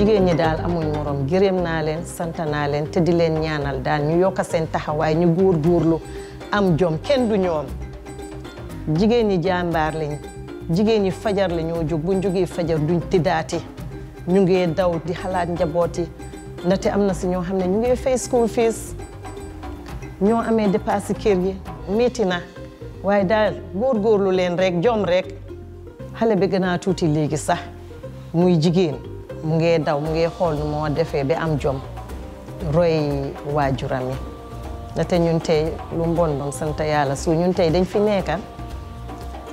jigéen ñi daal amuñ morom gërëm naa leen sant naa leen te di leen ñaanal daal ñu yokk seen taxawaay ñu góorgóorlu am jom kenn du ñoom jigéen ñi jàmbaar lañ jigéen ñi fajar la ñoo jóg buñ jógee fajar duñ tiddaati ñu ngee daw di xalaat njabooti ndaxte am na si ñoo xam ne ñu ngee fay school fees ñoo amee dépassé kër gi métti na waaye daal góorgóorlu leen rek jom rek xale bi gën tuuti léegi sax muy jigéen mu ngee daw mu ngee xool nu moo defee ba am jom roy waajuram yi na te ñun tey lu mbon bon sant yàlla su ñun tey dañ fi nekka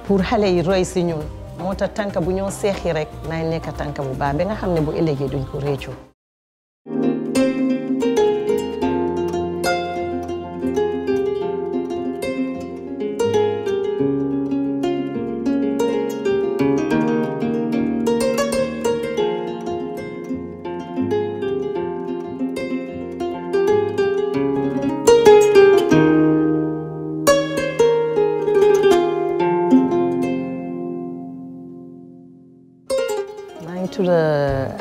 pour xale yi roy si ñun moo tax tànk bu ñoo seexi rek naay nekka tànk bu baax ba nga xam ne bu ëllëgee duñ ko réccu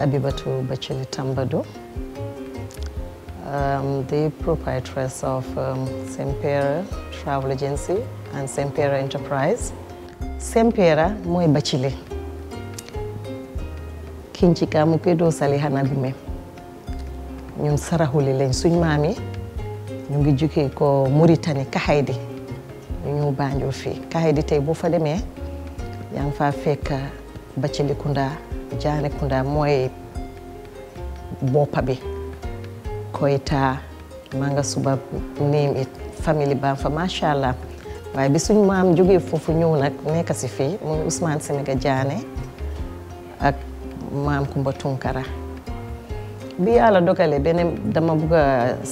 Abibatu Bacheli Tambadu, Um, the proprietress of um, Sempera Travel Agency and Sempera Enterprise. Sempera mooy Bachili Kinchika Mukedo Salihana Bime. doo sali Len Sun Mami. ñun Juki ñu ngi ko Mauritanie Kahidi. ñu Banjo fi Kahidi Kaxaydi Fademe. Yang fa Feka yaa Bachili Kunda jane kunda moe boppa bi koyta manga suba nim it family bam fa machallah wawi bi suñ mam jogui foof nak neka si fi momi ousmane sénéga diane ak mam coumba tunkara bi ala dogale bene dama buga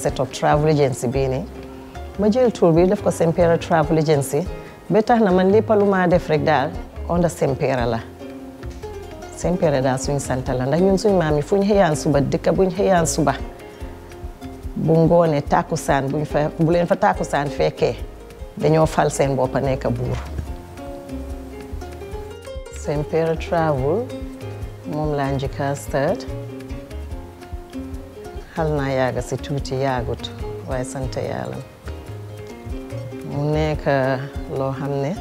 set up travel agency ni ma jël tour bi def ko sempera travel agency tax na man li paluma def rek dal onda sempera la seen pere daal suñ sant la ndax ñun suñ maam yi fu ñu suba dëkk bu ñu xëyaan suba bu ngoone tàkkusaan buñ fa bu leen fa tàkkusaan fekkee dañoo fal seen boppa nekk buur seen pere travel moom laa njëkka start xal naa yàgg si tuuti yàggut waaye sant yàlla mu nekk loo xam ne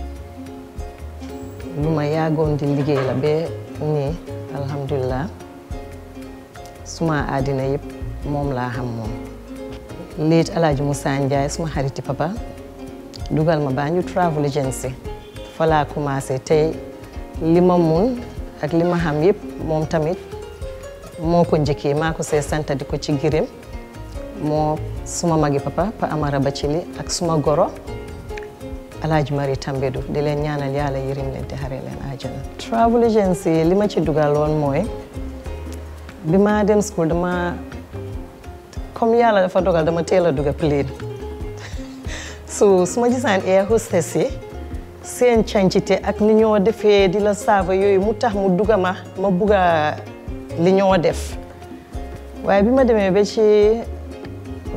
lu ma yàggoon di liggéey la ba nii alhamdulilah suma adina yëpp moom laa xam moom liit Alaaji Moussa Ndiaye suma xariti papa dugal ma baa travel agency fa laa commencé tey lima mun ak lima xam yëpp moom tamit moo ko njëkkee maa ko see sant di ko ci gërëm moo suma magi papa Pa Amara Bathily ak suma goro Alaaji Mari Tambédou di leen ñaanal yàlla yërëm leen te xare leen àjjana travel agency li ma ci dugaloon mooy bi ma dem school dama comme yàlla dafa dogal dama teel a dugg plane so su ma gisaan air hostess yi seen cancité ak ni ñoo defee di la saava yooyu mu tax mu dugga ma ma bugg a li ñoo def waaye bi ma demee ba ci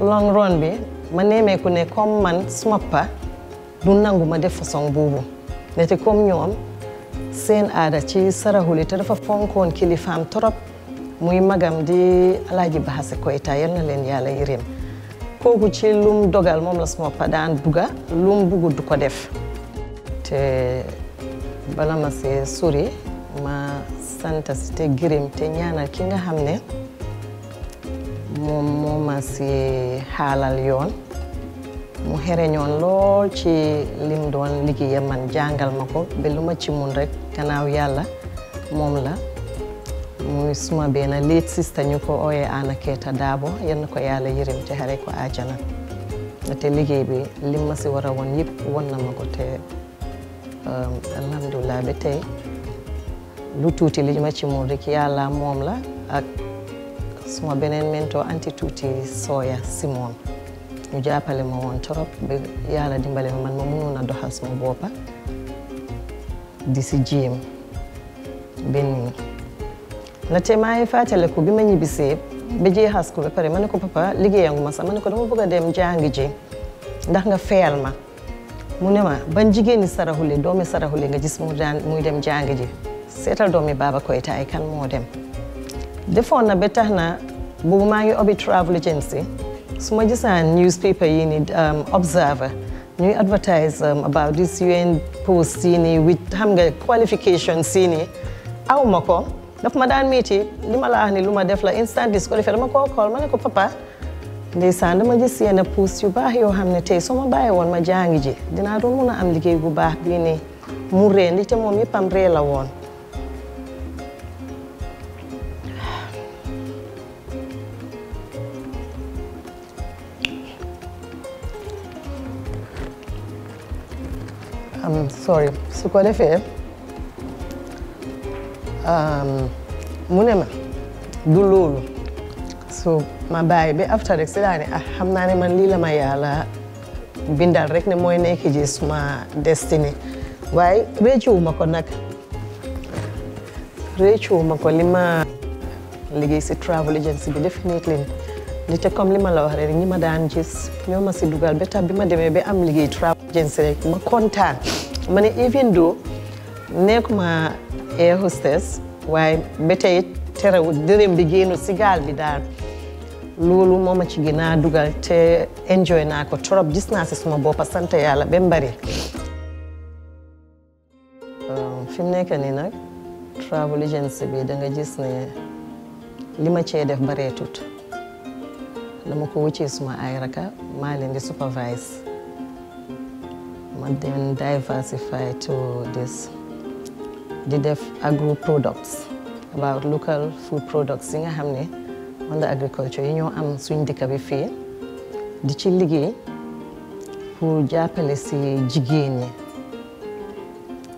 long run bi ma neemee ku ne kom man suma pa du nangu ma def façon boobu nete comme ñoom seen aada ci saraxuli te dafa fonkoon kilifaam torop muy magam di alaaji Bahase Koyta yal na leen yàlla yërëm kooku ci lum dogal moom la suma pa daan buga lum bugu du ko def te bala ma see sori ma sant si te gërëm te ñaanal ki nga xam ne moom moo ma yoon mo hereñoon lool ci lim doon liggéeyam man jàngal ma ko ba lu ma ci mun rek kanaaw yàlla moom la muy suma benn liit sista ñu ko ooyee ana keeta daabo yenn ko yàlla yërim te xare ko aajana te liggéey bi lim ma si war a won yëpp won na ma ko te euh, alhamdulilah ba tey lu tuuti li ma ci mun rek yàlla moom la ak suma beneen mento anti tuuti sooya simone ñu jàppale ma woon trop yàlla dimbale ma man ma mënoon a doxal boo boppa di si jéem benn na te maa ngi fàttaliku bi ma ñibbisee ba jeexal ko ba pare ma ne ko papa liggéeyangu ma sax ma ne ko dama bëgg a dem jàngi ji ndax nga feyal ma mu ne ma ban jigéen ñi saraxule doomi saraxule nga gis mu daan muy dem jàngi ji seetal doomi Baba Koyta ay kan moo dem defoon na ba tax na boobu maa obi travel agency su ma gisaan newspaper yi ni um, observer ñuy advertise um, about this UN post yi nii with xam nga qualification yi nii aw ma ko daf ma daan métti li ma la wax ni lu ma def la instant disqualifié ma ko call ma ne ko papa ndeysaan dama gis yenn post yu baax yoo xam ne tey soo ma bàyyi woon ma jàngi ji dinaa doon mun a am liggéey bu baax bii nii mu ree ndi te moom yëppam ree la woon am um, sorry su ko defee mu ne ma du loolu so ma bàyyi ba after rek si laa ah xam naa ne man lii la ma yàlla bindal rek ne mooy nekk ji suma destiny waaye réccuwuma ko nag réccuwuma ko li ma liggéey si travel agency bi definitely li te comme li ma la wax rek ñi daan gis ñoo si dugal ba tax bi ma demee ba am liggéey travel jën ma kontaan ma even though nekkuma air hostess waaye ba tey terewul bi génn sigaal bi daal loolu moo ma ci gën dugal te enjoy naa ko trop gis naa si suma boppa sant yàlla ba bari um, fi mu nekk nii nag travel agency bi da nga ne li ma cee def bareetut dama suma ay raka maa leen ma dem diversify to this di def agro products about local food products yi nga xam ne on the agriculture yi ñoo am suñ dëkk bi fii di ci liggéey pour jàppale si jigéen ñi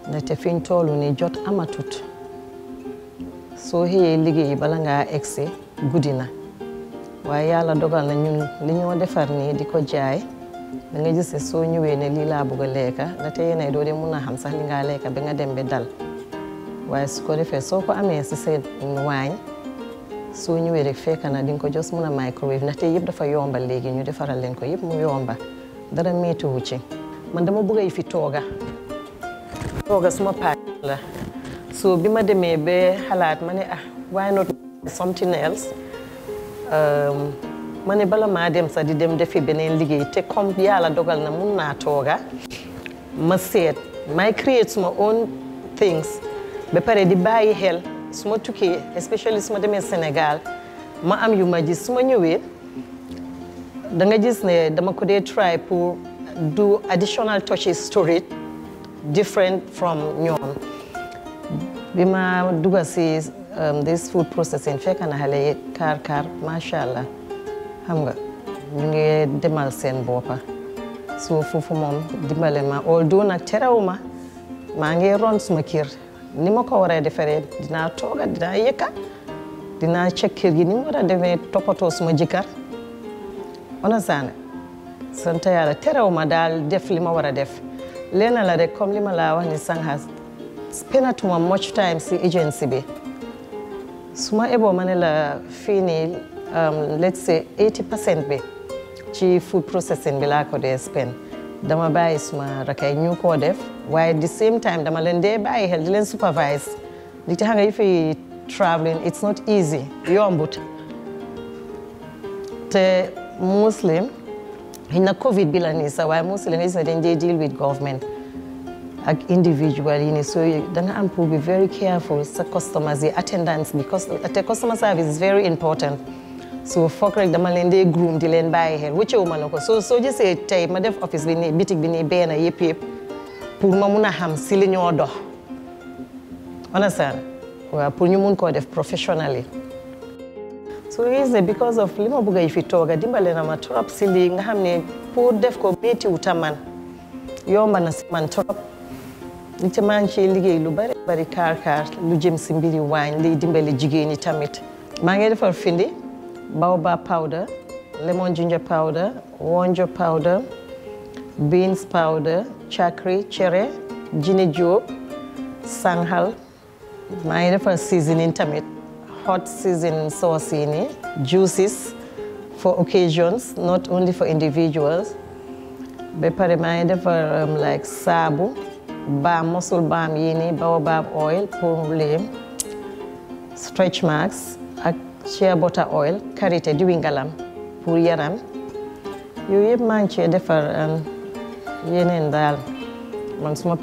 ndaxte fi ñu toll ni jot amatut soo xëyee liggéey bala ngaa egsi guddi na waaye yàlla dogal na ñun li ñoo defar nii di ko jaay da nga gis ne soo ñëwee ne lii laa bëgg a lekka na te yéenay doo dee mun a xam sax li ngaa lekka ba nga dem ba dal waaye su ko defee soo ko amee si seen waañ soo ñëwee rek fekk na di nga ko jos mun a microwave ndaxte yëpp dafa yomba léegi ñu defaral leen ko yëpp mu yomba dara méttiwu ci man dama bëgg a fi tooga tooga suma paaj la so bi ma demee ba xalaat ma ne ah why not something else um, ma ne bala maa dem sax di dem defi beneen liggéey te comme yàlla dogal na mun naa tooga ma seet my create suma own things ba pare di bàyyi xel su ma especially su ma Sénégal ma am yu ma gis su ma ñëwee da nga gis ne dama ko dee try pour do additional touches to it different from ñoom bima ma dugal si um, this food processing fekk na kar kar mashallah xam nga ñu ngi demal seen boppa so foofu moom dimbale ma although nag terewu ma maa ngi ron suma kër ni ma ko war a defaree dinaa tooga dinaa yëkka dinaa cek kër gi ni mu war a demee toppatoo suma jëkkër onasaane sant yàlla terewu ma daal def li ma war a def leena la rek comme li ma laa wax ni sànq spénatuma much time si agency bi su ma eboo ma ne la fii Um, let's say 80% be, ci food processing bi laa ko dee spend dama is suma rakay ñu koo def at the same time dama leen de bàyyi xel di supervise di tax nga traveling it's not easy yombut te muslim ina covid bi la nii sax muslim nga gis deal with government ak individual yi so danga am pour be very careful sa customers the attendance because the customer service is very important so foog rek dama leen de groom di leen bàyyi xel wëccewu ma la ko soo soo gisee tey ma def office bi nii bitik bi nii benn yëpp yëpp pour ma mun a xam si li ñoo dox understand waaw pour ñu mun koo def professionally so is ne because of li ma bëgg a fi tooga dimbale na ma trop si nga xam ne pour def ko méttiwu ta man yomba na si man trop li ci maa ngi ciy liggéey lu bari bari kaar kaar lu jëm si mbiri waañ liy dimbale jigéen ñi tamit maa nge defar findi baobab powder, lemon ginger powder, wonjo powder, beans powder, chakri, cere, jini sanghal My ngi defar seasoning tamit hot seasoning sauce in juices for occasions not only for individuals ba pare for ngi um, like sabu, ba muscle, baam yi baobab oil pour stretch marks shea butter oil karité diwi ngalam You yaram yooyu yëpp maa ngi cee defar um, yeneen daal man suma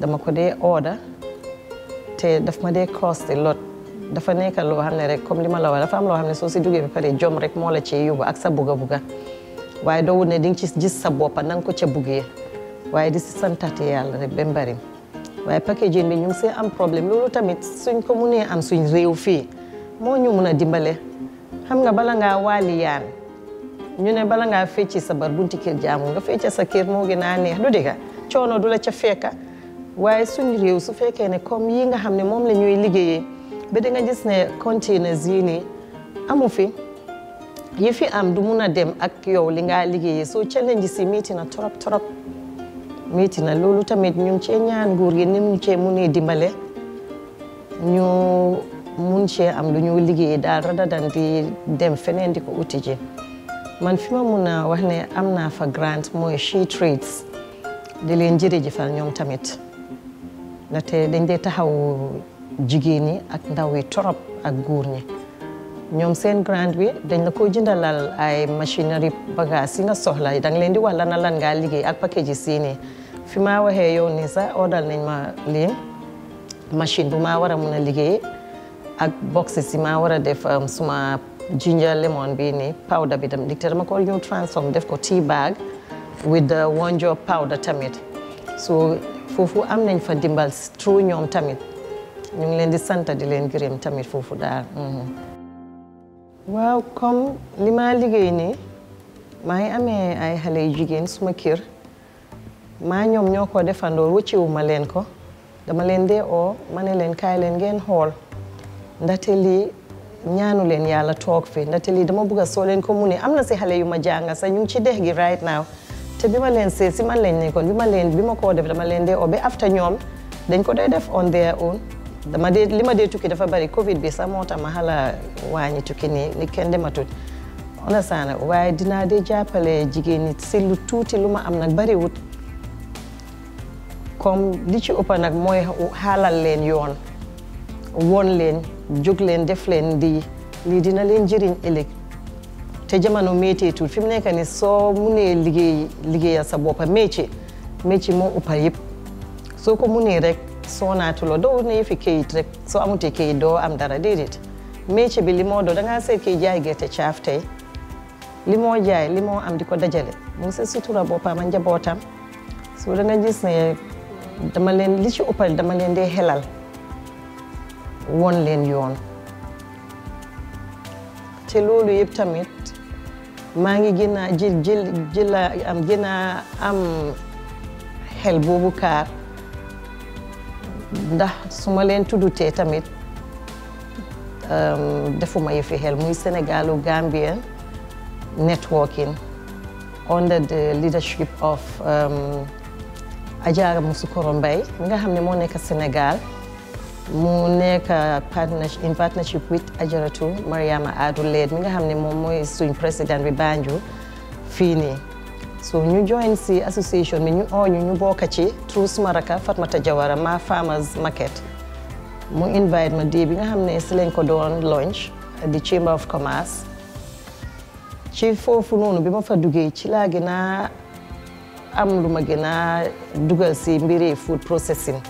dama order te daf ma dee cost a lot dafa nekk loo xam ne rek comme li ma la wax dafa am si jom rek moo la ci buga buga waaye doo wut ne di nga ci gis sa boppa na rek waaye packaging bi ñu ngi see am problème loolu tamit suñ ko mu munee am suñ réew fii moo ñu mun a dimbale xam nga bala ngaa waali yaan ñu ne bala ngaa fecci sa bar bunti kër jaamu nga fecca sa kër moo gi a neex du diga coono du la ca fekka waaye suñ réew su fekkee ne comme yi nga xam ne moom la ñuy liggéeyee ba di nga gis ne containers yii amu fi yi fi am du mun a dem ak yow li ngaa liggéeyee soo challenge si metti na torop torop métti na loolu tamit ñu ngi cee ñaan nguur gi ni mu cee munee dimbale ñu mun cee am lu ñu liggéey daal rada dan dem feneen di ko uti ji man fi ma mun a wax ne am naa fa grant mooy She Trades di leen jërëjëfal ñoom tamit ndaxte dañ dee taxaw jigéen ñi ak ndaw yi torop ak góor ñi ñoom seen grant bi dañ la ko jëndalal ay machinerie bagage yi nga soxla danga leen di wax lan lan ngaa liggéey ak package yi fi ma waxee yow nii sax odal nañ ma lii machine bu ma war a mun a liggéey ak box war a def um, suma ginger lemon bi nii powder bi tam dicté dama ko ñëw transform def ko tea bag with the wonjo powder tamit so foofu am nañ fa dimbal true ñoom tamit ñu ngi leen di sant di leen gërëm tamit foofu daal mm-hmm. waaw comme ma liggéey nii maa ngi amee ay xale yu jigéen suma kër maa ñoom ñoo ko defandoo wëcciwu ma leen ko dama leen dee oo ma ne leen kaay leen ngeen xool ndaxte lii ñaanu leen yàlla toog fi ndaxte lii dama bëgg a soo leen ko mu ne am na si xale yu ma jànga sax ñu ci dex gi right now te bi ma leen see si man lañ nekkoon bi ma leen bi ma koo def dama leen dee oo ba after ñoom dañ ko dee def on their own dama dee li ma dee tukki dafa bari Covid bi sa moo tax ma xala wàññi tukki nii ni kenn dematut on a waaye dinaa dee jàppale jigéen ñi si lu tuuti lu ma am nag bariwut. comme li ci ëpp nag mooy xaalal leen yoon won leen jóg leen def leen di lii dina leen jëriñ ëllëg te jamono méteetul fi mu nekk ni soo munee liggéey liggéeyal sa boppa métier métier moo ëpp yëpp soo ko munee rek soo naatuloo doo ne fi kayit rek soo amutee kayit doo am dara déedéet métier bi li moo doo da ngaa seet kii jaay gerte caaf tey li moo jaay li moo am di ko dajale mu ngi si sutura boppam ak njabootam soo da nga gis ne dama leen li ci ëppal dama leen dee xelal won leen yoon te loolu yëpp tamit maa ngi gën a jël jël am gën am xel boobu kaar ndax su ma leen tuddutee tamit euh, defuma yëfi xel muy Sénégalu Gambien networking under the leadership of um, Adja Moussoukoro Mbaye mi nga xam ne moo nekk Sénégal mu nekk partnership in partnership with Ajaratu Mariama Adou Leed mi nga xam ne moom mooy suñ président bi Banjul fii nii so ñu join si association bi ñu oo ñu ñu bokk ci through suma raka Fatmata Jawara ma farmers market mu invite ma di bi nga xam ne si ko doon launch di Chamber of Commerce ci foofu noonu bi ma fa duggee ci laa gën a am lu ma gën dugal si mbiri food processing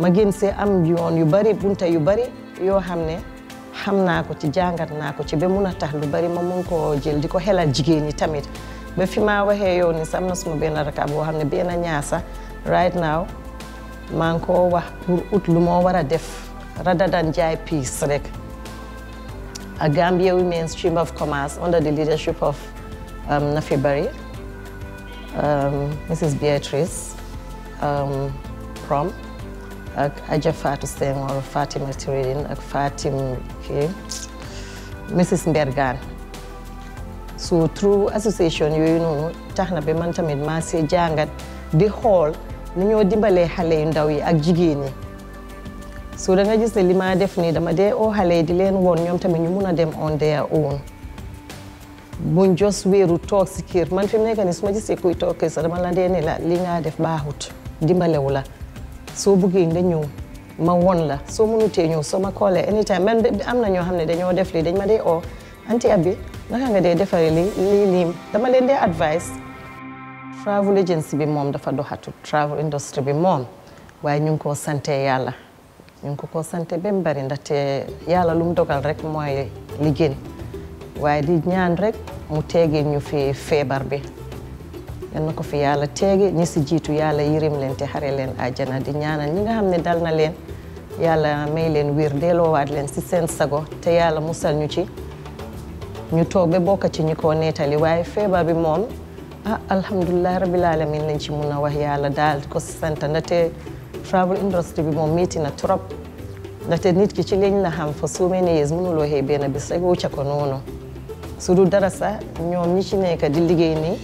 ma gën see am yoon yu bari bunta yu bari yoo xam ne xam naa ko ci jàngat naa ko ci ba mun lu bari ma mun koo jël di ko xelal jigéen ñi tamit ba fi ma waxee yow ni sam na suma benn rakab boo xam ne benn ñaasa right now maa ngi koo wax ut lu moo war a def rather than jaay piis rek a Gambia Women's Chamber of Commerce under the leadership of um, Nafi um, Mrs. Beatrice um, Prom ak Adja or Fatima Tiridine Fatim kii Mrs. Mbergane so through association yooyu noonu tax na ba jàngat di xool ni ñoo Hale xale yu ndaw yi ak jigéen ñi so da nga gis ne li ma def nii dama dee oo xale yi di leen on their own buñ jos wéeru toog si man fi mu nekk nii su ma gisee kuy toog kër sax dama la dee ne la li nga def baaxut dimbalewu la soo buggee nga ñëw ma won la soo tee ñëw soo ma koolee anytime man am na ñoo xam ne dañoo def lii dañ ma dee oo anti abi naka nga dee defaree lii lii nii dama leen dee advice travel agency bi moom dafa doxatul travel industry bi moom waaye ñu ngi koo santee yàlla ñu ngi ko koo sante ba mu bari ndaxte yàlla lu mu dogal rek mooy waaye di ñaan rekk mu teegee ñu fi feebar bi yal na ko fi yàlla teege ñi si jiitu yàlla yërëm leen te xare leen àjjana di ñaanal ñi nga xam ne dal na leen yàlla may leen wér delloowaat leen si seen sago te yàlla sal ñu ci ñu toog ba bokk ci ñi ko nettali waaye feebar bi moom ah alhamdulilah rabil alamin lañ ci mun a wax yàlla daal ko si sant ndaxte travel industry bi moom métti na trop ndaxte nit ki ci lañ la xam fa so many years mënuloo xëy benn bis ko noonu su du dara sax ñoom ñi ci nekk di liggéey nii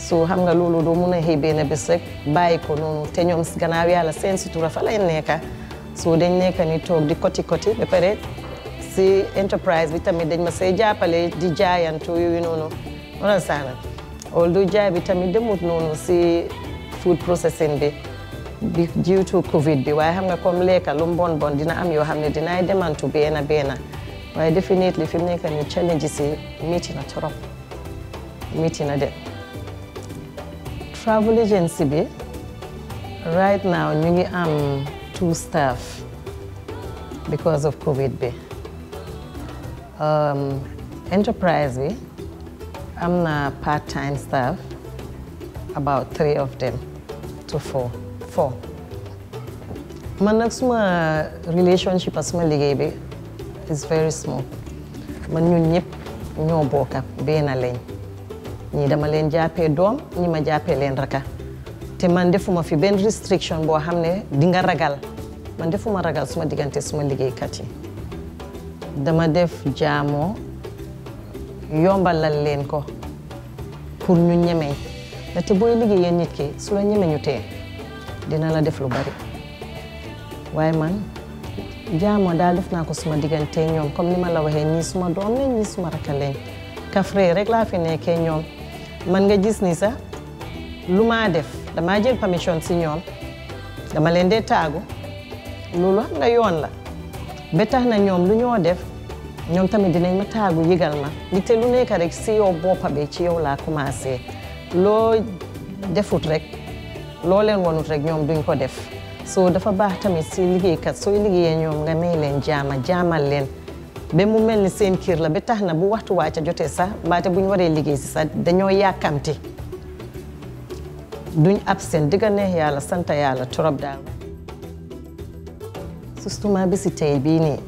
so xam nga loolu doo mun a xëy benn bés rek bàyyi ko noonu te ñoom gannaaw yàlla seen sutura fa lay nekka so dañ nekk ni toog di koti koti ba pare si entreprise bi tamit dañ ma see jàppale di jaayantu yooyu noonu wala saana although jaay bi tamit demut noonu si food processing bi bi due to covid bi waaye xam nga comme lekka lu mbon bon dina am yoo xam ne dinaay demantu benn beena waaye definitely fi mu nekk nii challenges meeting a na trop métti travel agency right now We have am two staff because of covid bi um, enterprise i am a part time staff about three of them to four four man nag relationship is suma liggéey is very small man ñun ñëpp ñoo bokka benn lañ ñii dama leen jàppee doom ñi ma jàppee leen raka te man fi benn restriction boo xam ne di nga ragal man defuma ragal suma diggante suma liggéeykat yi dama def jaamoo yombalal leen ko pour ñu ñemeñ ndaxte booy liggéeyee nit ki su la ñemeñu tee dina la def lu bari waaye man jaamoo daal def naa ko suma diggante ñoom comme ni ma la waxee ñii suma doom lañ ñii suma rakk lañ kafre rek laa fi nekkee ñoom man nga gis ni sax lu maa def damaa jël permission si ñoom dama leen dee taagu loolu xam nga yoon la ba tax na ñoom lu ñoo def ñoom tamit dinañ ma taagu yëgal ma li te lu nekk rek si yow boo bi ci yow laa commencé loo defut rek loo leen wonut rek ñoom duñ ko def so dafa baax tamit si liggéeykat sooy liggéeyee ñoom nga may leen jaama jaamal leen ba mu mel ni seen kiir la ba tax na bu waxtu wàcca jotee sax mbaate bu ñu waree liggéey si sax dañoo yàkkamti duñ absent digga neex yàlla sant yàlla trop daal sustuma bi si tey bii nii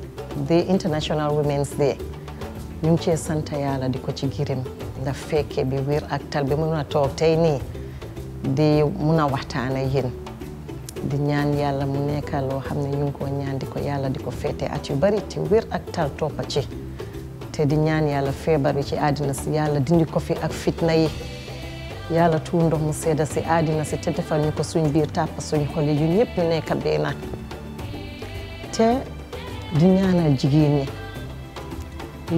the International Women's Day ñu ngi cee sant yàlla di ko ci girim nda fekke bi wir ak tal bi mun na toog tey nii di mun a waxtaana yéen di ñaan yàlla mu nekkal loo xam ne ñu ngi ko ñaan di ko yàlla di ko féetee at yu bari te wér ak tal toppa ci te di ñaan yàlla feebar bi ci àddina si yàlla dindi ko fi ak fitna yi yàlla tuur ndox mu sedda si àddina si te defal ñu ko suñ biir tàpp suñ xol yi ñun ñëpp ñu nekk te di ñaanal jigéen ñi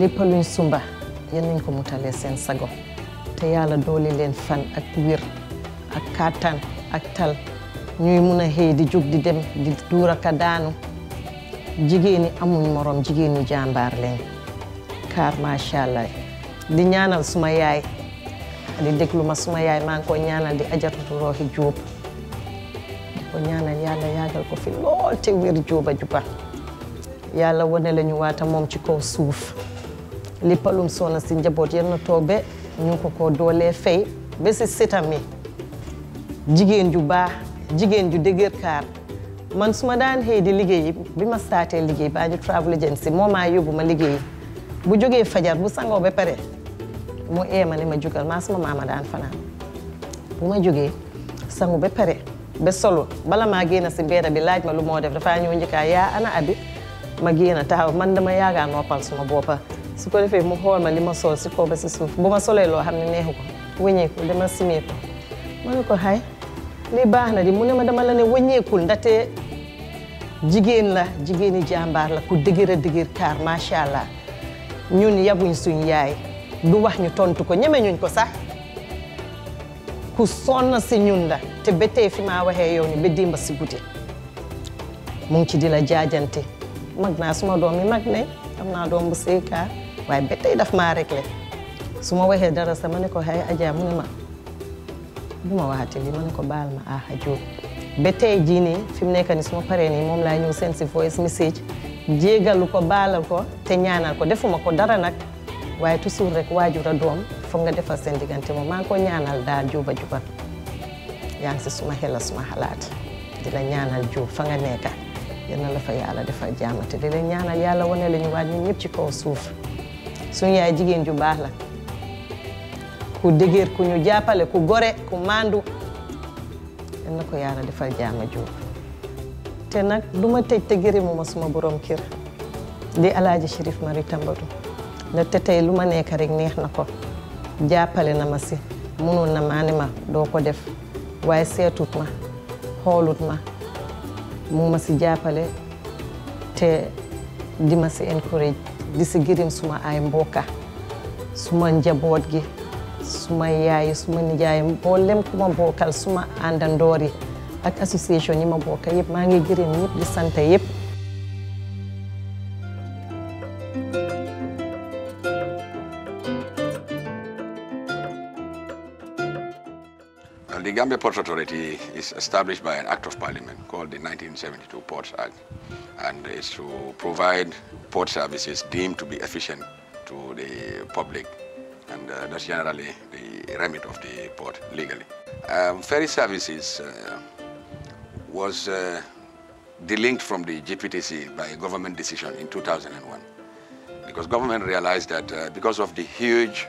lépp luñ sumba yal nañ ko mutale seen sago te yàlla dooli leen fan ak wér ak kàttan ak tal ñuy mun a xëy di jóg di dem di duur aka daanu jigéen ñi amuñ morom jigéen ñu jàmbaar leen kaar macha allah di ñaanal suma yaay di déglu ma suma yaay maa ngi ko ñaanal di ajaratu rooxi jóob di ko ñaanal yàlla yaagal ko fi lool te wér jóoba juba yàlla wane la waata moom ci kaw suuf li palum soona si njaboot yal na toog be ñu ko ko doolee fay ba si sitam jigéen ju baax jigéen ju dëgër kaar man su ma daan xëy di liggéeyi bi ma saatee liggéey baa ñu travel agency moo maa yóbbu ma liggéey bu jógee fajar bu sangoo ba pare mu eema ma jugal maa suma ma daan fanaan bu ma jógee sangu ba pare ba solo bala maa génn si mbeeda bi laaj ma lu moo def dafaa ñëw njëkkaa yaa ana abi ma génn taxaw man dama yaagaa noppal suma boppa su ko defee mu xool ma li ma sol si kaw ba si suuf bu ma solee loo xam ne neexu ko wëñeeku dama simee ko ko xay li baax na di mu ne ma dama la ne wàññeekul ndate jigéen la jigéeni jàmbaar la ku dëgër a dëgër kaar macha allah ñun yabuñ suñ yaay du wax ñu tontu ko ñeme ñuñ ko sax ku sonn si ñun la te ba fi ma waxee yow ni ba dimba si guddi mu ngi ci di la jaajante mag naa suma doom yi mag ne am naa doom bu sëy kaar waaye ba tey daf ma réglé su ma waxee dara sama ne ko xay ajaa mu ne ma bu ma waxati li ko baal ma Aha Diop ba tey jii nii fi mu nekk nii su ma paree nii moom laa ñëw seen si voice message jéegalu ko baalal ko te ñaanal ko defuma ko dara nag waaye toujours rek waajur a doom foog nga defal seen diggante moom maa ngi ko ñaanal daal juba juba yaa ngi si suma xel suma xalaat di la ñaanal Diop fa nga nekka yal na la fa yàlla defal jàmm te di la ñaanal yàlla wane la ñu waaj ñun ñëpp ci kaw suuf suñu yaay jigéen ju baax la. ku dëgër ku ñu jàppale ku gore ku mandu yal na ko yàlla defal jaama jóob te nag du ma tëj te gërëmu ma suma borom kër di alaaji Chérif Marie na te tey lu ma nekk neex na ko jàppale na ma si munoon na maane ne ma doo ko def waaye seetut ma xoolut ma mu ma si jàppale te di ma si encourage di si gërëm suma ay mbokka suma njaboot gi suma yaay suma nijaay suma ak association yi ma ngi gërëm ñëpp di The Gambia Ports Authority is established by an Act of Parliament called the 1972 Ports Act and is to provide port services deemed to be efficient to the public and uh, that's generally the remit of the port legally. Um, ferry services uh, was uh, delinked from the GPTC by a government decision in 2001 because government realized that uh, because of the huge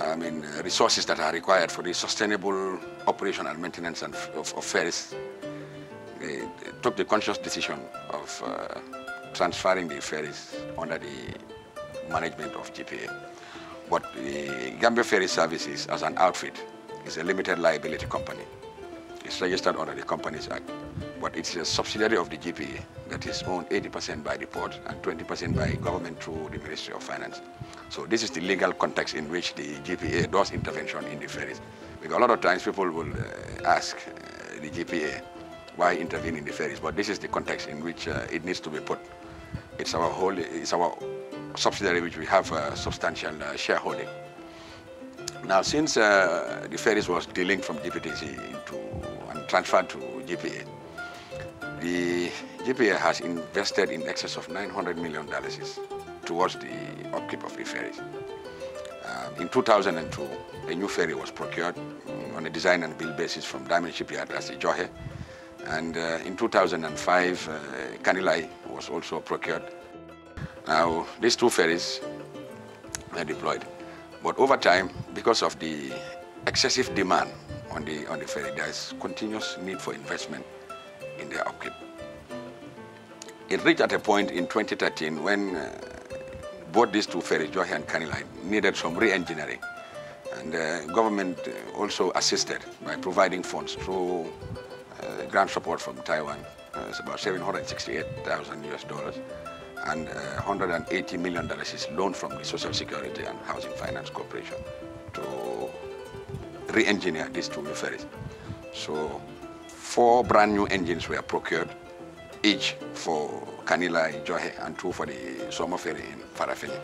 I mean, uh, resources that are required for the sustainable operation and maintenance and of, of, ferries, they, they, took the conscious decision of uh, transferring the ferries under the management of GPA. But the Gambia Ferry Services as an outfit is a limited liability company. It's registered under the Companies Act, but it's a subsidiary of the GPA that is owned 80% by the port and 20% by government through the Ministry of Finance. So this is the legal context in which the GPA does intervention in the ferries. Because a lot of times people will uh, ask uh, the GPA why intervene in the ferries, but this is the context in which uh, it needs to be put. It's our whole, it's our subsidiary which we have a substantial uh, shareholding. Now, since uh, the ferries was dealing from GPTC into, and transferred to GPA, the GPA has invested in excess of $900 million towards the upkeep of the ferries. Uh, in 2002, a new ferry was procured mm, on a design and build basis from Diamond Shipyard as Johe. And uh, in 2005, uh, Kanilai was also procured now, these two ferries were deployed. But over time, because of the excessive demand on the, on the ferry, there is continuous need for investment in their upkeep. It reached at a point in 2013 when uh, both these two ferries, Johi and Kaniline, needed some re-engineering. And the uh, government uh, also assisted by providing funds through uh, grant support from Taiwan. Uh, it's about 768,000 US dollars and uh, $180 million is loaned from the Social Security and Housing Finance Corporation to re-engineer these two new ferries. So four brand new engines were procured, each for Kanila in Johe and two for the summer ferry in Farafeni.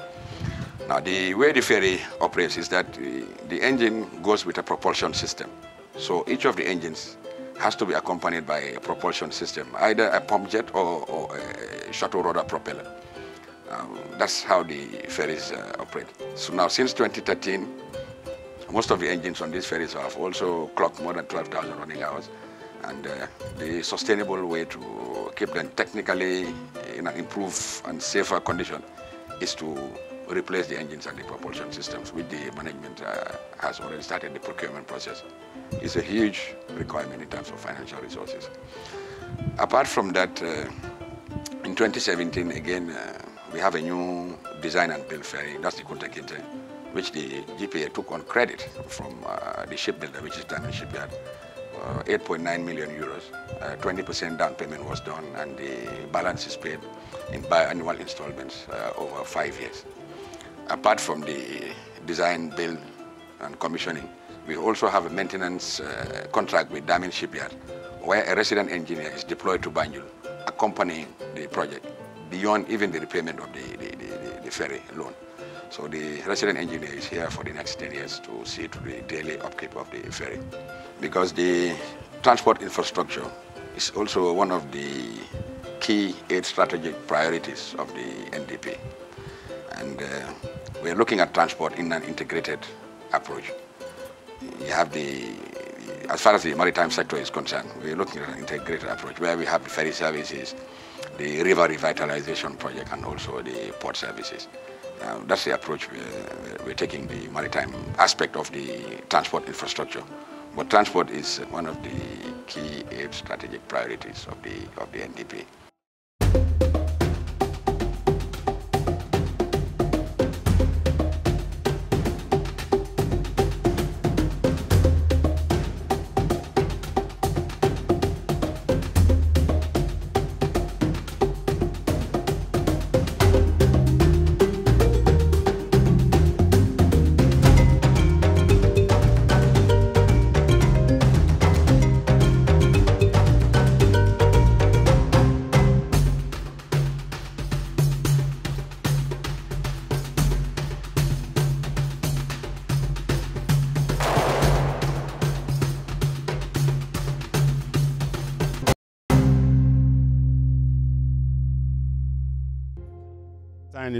Now the way the ferry operates is that the, the engine goes with a propulsion system. So each of the engines has to be accompanied by a propulsion system, either a pump jet or, or a shuttle rotor propeller. Um, that's how the ferries uh, operate. So now, since 2013, most of the engines on these ferries have also clocked more than 12,000 running hours. And uh, the sustainable way to keep them technically in an improved and safer condition is to replace the engines and the propulsion systems, which the management uh, has already started the procurement process. It's a huge requirement in terms of financial resources. Apart from that, uh, in 2017, again, uh, we have a new design and build ferry, that's the Kota Kinte, which the GPA took on credit from uh, the shipbuilder, which is Diamond Shipyard. Uh, 8.9 million euros. 20% uh, down payment was done, and the balance is paid in biannual installments over five years apart from the design, build, and commissioning, we also have a maintenance uh, contract with Damin Shipyard, where a resident engineer is deployed to Banjul, accompanying the project beyond even the repayment of the, the, the, the ferry loan. So the resident engineer is here for the next 10 years to see to the daily upkeep of the ferry. Because the transport infrastructure is also one of the key eight strategic priorities of the NDP. And uh, we are looking at transport in an integrated approach. You have the, as far as the maritime sector is concerned, we are looking at an integrated approach where we have the ferry services, the river revitalization project, and also the port services. Uh, that's the approach we're, uh, we're taking, the maritime aspect of the transport infrastructure. But transport is one of the key eight strategic priorities of the, of the NDP.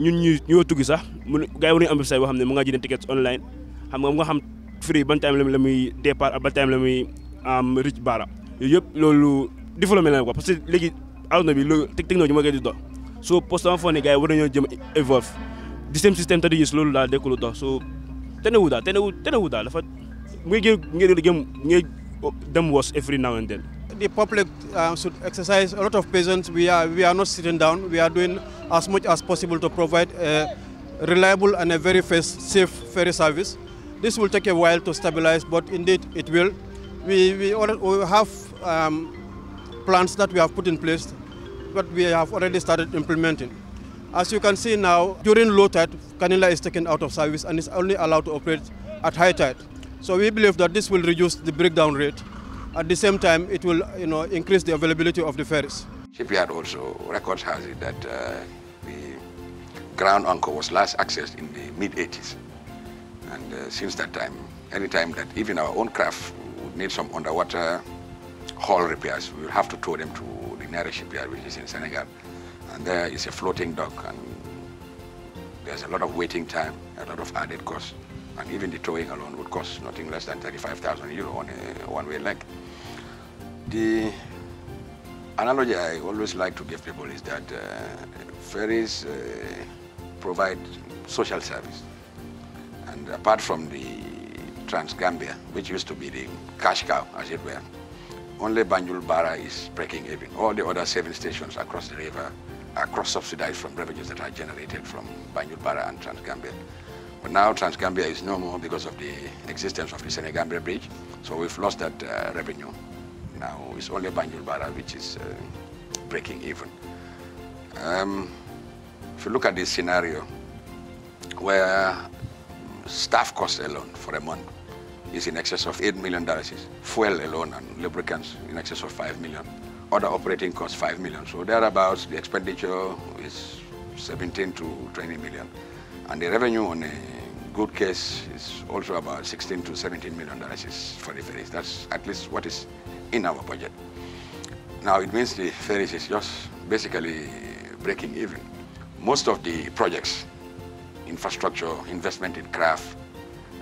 ñun ñu ñoo tugg sax mun gars yi war nañu am website boo xam ne mu nga jënd ticket online xam nga mu nga xam free ban time la muy départ ak la muy am reach baara yooyu yëpp loolu développé na ko parce que léegi na bi loolu technologie moo koy di dox soo poste dama foog ne gars yi war nañoo jëm évolve di same système te di gis loolu daal dekkulu dox soo tenewul daal tenewul tenewul daal dafa mu ngi gën ngeen gëm ngeen dem was every now and then the public uh, should exercise a lot of patience. We are, we are not sitting down. We are doing as much as possible to provide a reliable and a very safe ferry service. This will take a while to stabilize, but indeed it will. We, we, we have um, plans that we have put in place, that we have already started implementing. As you can see now, during low tide, Canilla is taken out of service and is only allowed to operate at high tide. So we believe that this will reduce the breakdown rate at the same time, it will you know, increase the availability of the ferries. Shipyard also records has it that uh, the ground anchor was last accessed in the mid-80s. And uh, since that time, any time that even our own craft would need some underwater hull repairs, we will have to tow them to the nearest shipyard, which is in Senegal. And there is a floating dock, and there's a lot of waiting time, a lot of added cost. And even the towing alone would cost nothing less than 35,000 euro on a one-way leg. The analogy I always like to give people is that uh, ferries uh, provide social service. And apart from the Transgambia, which used to be the cash cow, as it were, only Banjul Bara is breaking even. All the other seven stations across the river are cross-subsidized from revenues that are generated from Banjul Bara and Transgambia. But now Transgambia is no more because of the existence of the Senegambia Bridge, so we've lost that uh, revenue now. It's only Banjul Bara which is uh, breaking even. Um, if you look at this scenario, where staff cost alone for a month is in excess of $8 million, fuel alone and lubricants in excess of $5 million, other operating costs $5 million. So thereabouts, the expenditure is 17 to 20 million. And the revenue on a good case is also about uh, 16 to 17 million dollars is for the ferries. That's at least what is in our budget. Now it means the ferries is just basically breaking even. Most of the projects, infrastructure, investment in craft,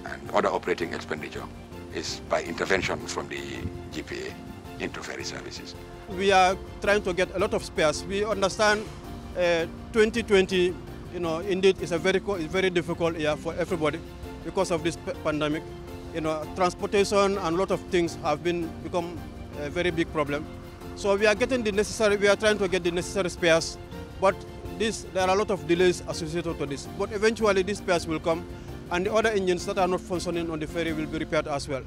and other operating expenditure is by intervention from the GPA into ferry services. We are trying to get a lot of spares. We understand uh, 2020 you know, indeed, it's a very, it's very difficult year for everybody because of this pandemic. You know, transportation and a lot of things have been become a very big problem. So we are getting the necessary, we are trying to get the necessary spares, but this, there are a lot of delays associated to this. But eventually these spares will come and the other engines that are not functioning on the ferry will be repaired as well.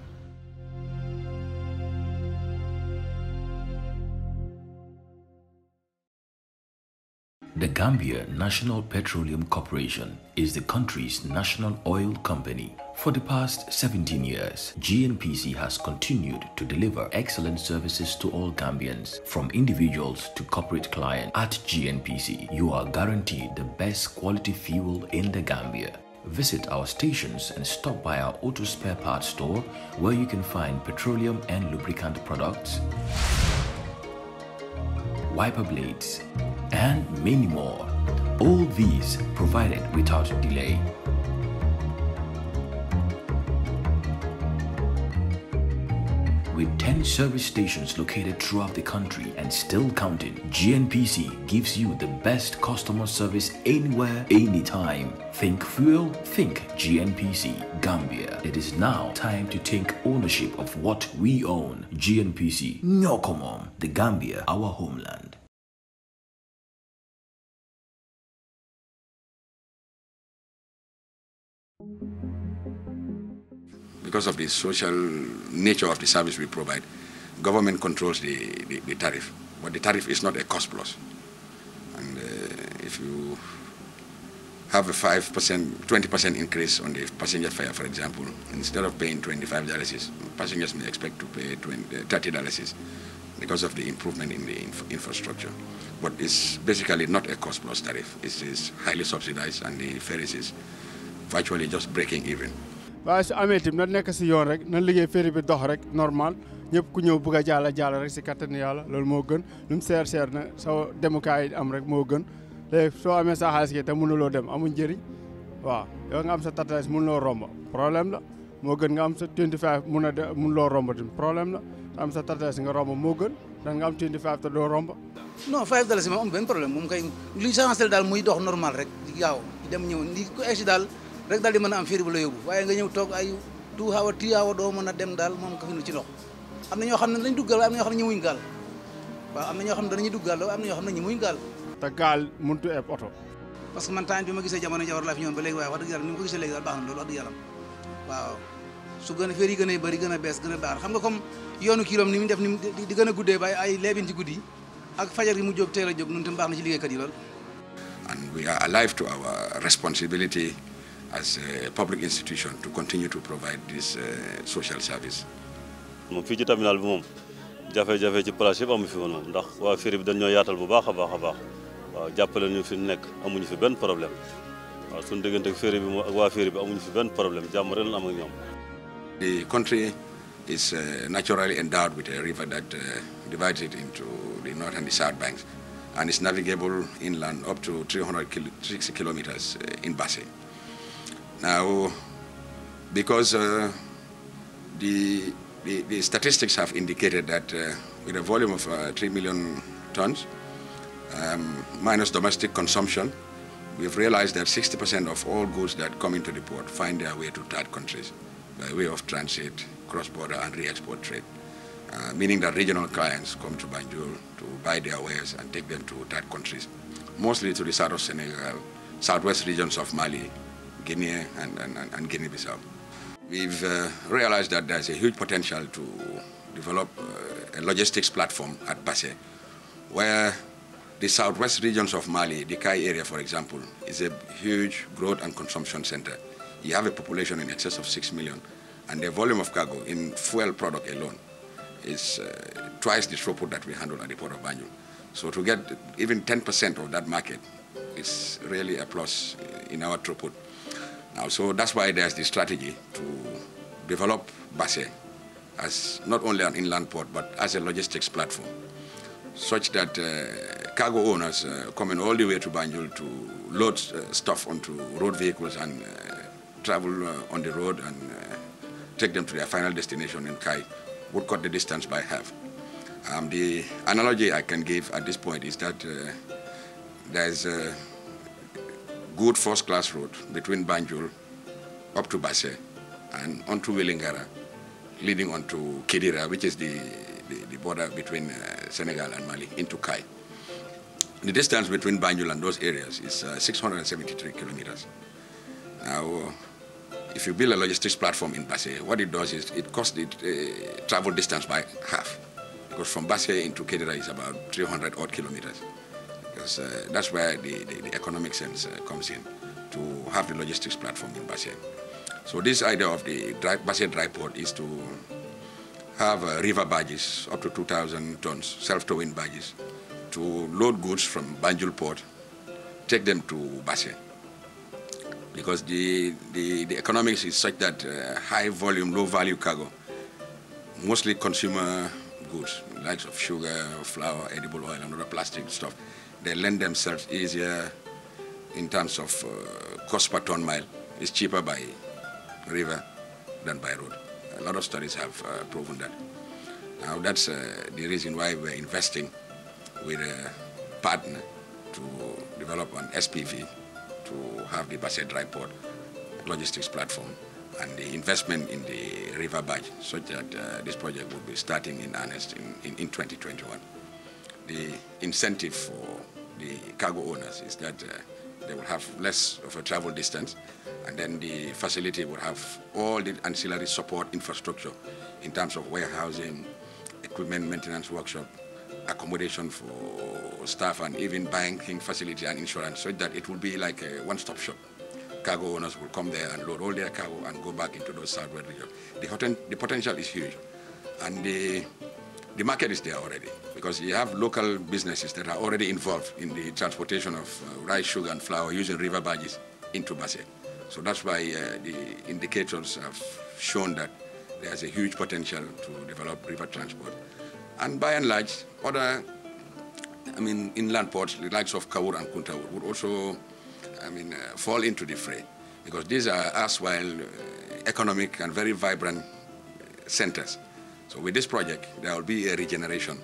The Gambia National Petroleum Corporation is the country's national oil company. For the past 17 years, GNPC has continued to deliver excellent services to all Gambians, from individuals to corporate clients. At GNPC, you are guaranteed the best quality fuel in the Gambia. Visit our stations and stop by our auto spare parts store where you can find petroleum and lubricant products wiper blades, and many more. All these provided without delay. With 10 service stations located throughout the country and still counting, GNPC gives you the best customer service anywhere, anytime. Think fuel, think GNPC, Gambia. It is now time to take ownership of what we own. GNPC, Nyokomom, the Gambia, our homeland. because of the social nature of the service we provide, government controls the, the, the tariff. But the tariff is not a cost plus. And uh, if you have a 5%, 20% increase on the passenger fare, for example, instead of paying 25 dollars, passengers may expect to pay 20, uh, 30 dollars because of the improvement in the inf infrastructure. But it's basically not a cost plus tariff. It is highly subsidized and the ferries is virtually just breaking even. waaye su amee tim na nekk si yoon rek na liggéey ferry bi dox rek normal ñëpp ku ñëw bëgg a jaala jaala rek si kattanu yàlla loolu moo gën lu mu seer seer na soo demukaay yi am rek moo gën léegi soo amee sa xaalis gi te mënuloo dem amuñ njëriñ waaw yow nga am sa tataanis mënuloo romb problème la moo gën nga am sa 25 mun a mënuloo romb tim problème la am sa tatalis nga romb moo gën dan nga am 25 te doo romb. non 5 dalasi moom am benn problème moom kay li ñu daal muy dox normal rek yaaw dem ñëw ni ku egsi daal. rek daal di mën a am fiir bu la yóbbu waaye nga ñëw toog ay tu xawa ti xawa doo mën a dem daal moom ko finu ci ndox am na ñoo xam ne dañ dugg gaal am na ñoo xam ne ñi muñ gaal waaw am na ñoo xam ne danañu dugg gaal am na ñoo xam ne ñi muñ gaal te gaal mënut a eb oto parce que man temps bi ma gisee jamono jawar laa fi ñëwoon ba léegi waaye wax dëgg yàlla ni ma ko gisee léegi daal baax na loolu wax dëgg yàlla waaw su gën a féer yi gën a bëri gën a bees gën a baax xam nga comme yoonu kiiloom ni mu def ni di gën a guddee ba ay leebin ci guddi ak fajar gi mu jóg teel a jóg ñun tam baax na ci liggéeykat yi lool and we are alive to our responsibility as a public institution to continue to provide this uh, social service. jafe-jafe ci place fi ndax yaatal bu baax jàppale ñu fi amuñu fi problème ak ak amuñu fi problème jàmm am ak The country is uh, naturally endowed with a river that uh, divides it into the north and the south banks and is navigable inland up to 360 kilometers uh, in basin. Now, because uh, the, the, the, statistics have indicated that uh, with a volume of uh, 3 million tons, um, minus domestic consumption, we've realized that 60% of all goods that come into the port find their way to third countries by way of transit, cross-border and re-export trade, uh, meaning that regional clients come to Banjul to buy their wares and take them to third countries, mostly to the south of Senegal, southwest regions of Mali, Guinea and, and, and Guinea-Bissau. We've uh, realized that there's a huge potential to develop uh, a logistics platform at Basse, where the southwest regions of Mali, the Kai area, for example, is a huge growth and consumption center. You have a population in excess of 6 million, and the volume of cargo in fuel product alone is uh, twice the throughput that we handle at the port of Banjul. So to get even 10% of that market is really a plus in our throughput. Now, so that's why there's the strategy to develop Basse as not only an inland port, but as a logistics platform, such that uh, cargo owners uh, coming all the way to Banjul to load uh, stuff onto road vehicles and uh, travel uh, on the road and uh, take them to their final destination in Kai would cut the distance by half. Um, the analogy I can give at this point is that there's good first-class road between Banjul up to Basse and onto Willingara, leading onto Kedira, which is the, the, the border between uh, Senegal and Mali, into Kai. The distance between Banjul and those areas is uh, 673 kilometers. Now, if you build a logistics platform in Basse, what it does is it cuts the uh, travel distance by half. Because from Basse into Kedira is about 300 odd kilometers. Because uh, that's where the, the, the economic sense uh, comes in, to have the logistics platform in Basel. So this idea of the dry, Basel dry port is to have uh, river barges, up to 2,000 tons, self-towing barges, to load goods from Banjul port, take them to Basel. Because the, the, the economics is such that uh, high volume, low value cargo, mostly consumer goods, likes of sugar, flour, edible oil, and other plastic stuff, they lend themselves easier in terms of uh, cost per ton mile. It's cheaper by river than by road. A lot of studies have uh, proven that. Now that's uh, the reason why we're investing with a partner to develop an SPV to have the Basset Dry Port logistics platform and the investment in the river bridge, such that uh, this project will be starting in earnest in, in, in 2021. The incentive for the cargo owners is that uh, they will have less of a travel distance and then the facility will have all the ancillary support infrastructure in terms of warehousing, equipment maintenance workshop, accommodation for staff and even banking facility and insurance so that it will be like a one-stop shop. Cargo owners will come there and load all their cargo and go back into those southwest regions. The, the potential is huge and the, the market is there already because you have local businesses that are already involved in the transportation of uh, rice, sugar, and flour using river barges into Basel. So that's why uh, the indicators have shown that there's a huge potential to develop river transport. And by and large, other, I mean, inland ports, the likes of Kawur and Kuntawur, would also, I mean, uh, fall into the fray because these are erstwhile uh, economic and very vibrant uh, centers. So with this project, there will be a regeneration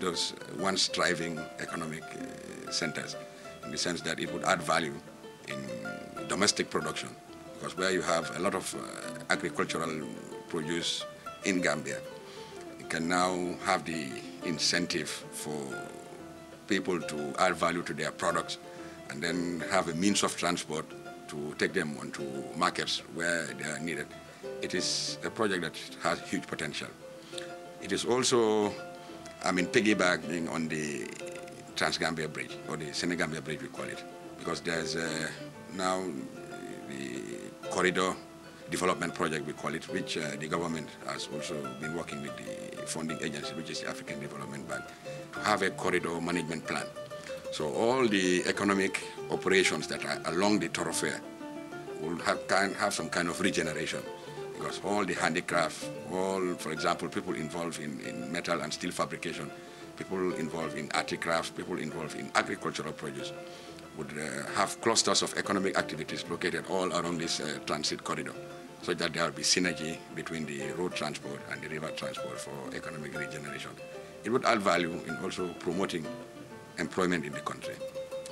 those once thriving economic uh, centers in the sense that it would add value in domestic production because where you have a lot of uh, agricultural produce in Gambia, you can now have the incentive for people to add value to their products and then have a means of transport to take them onto markets where they are needed. It is a project that has huge potential. It is also I mean, piggybacking on the Transgambia Bridge, or the Senegambia Bridge, we call it, because there's uh, now the corridor development project, we call it, which uh, the government has also been working with the funding agency, which is the African Development Bank, to have a corridor management plan. So all the economic operations that are along the thoroughfare will have, can have some kind of regeneration because all the handicraft, all, for example, people involved in, in metal and steel fabrication, people involved in articraft, people involved in agricultural produce, would uh, have clusters of economic activities located all around this uh, transit corridor so that there will be synergy between the road transport and the river transport for economic regeneration. It would add value in also promoting employment in the country,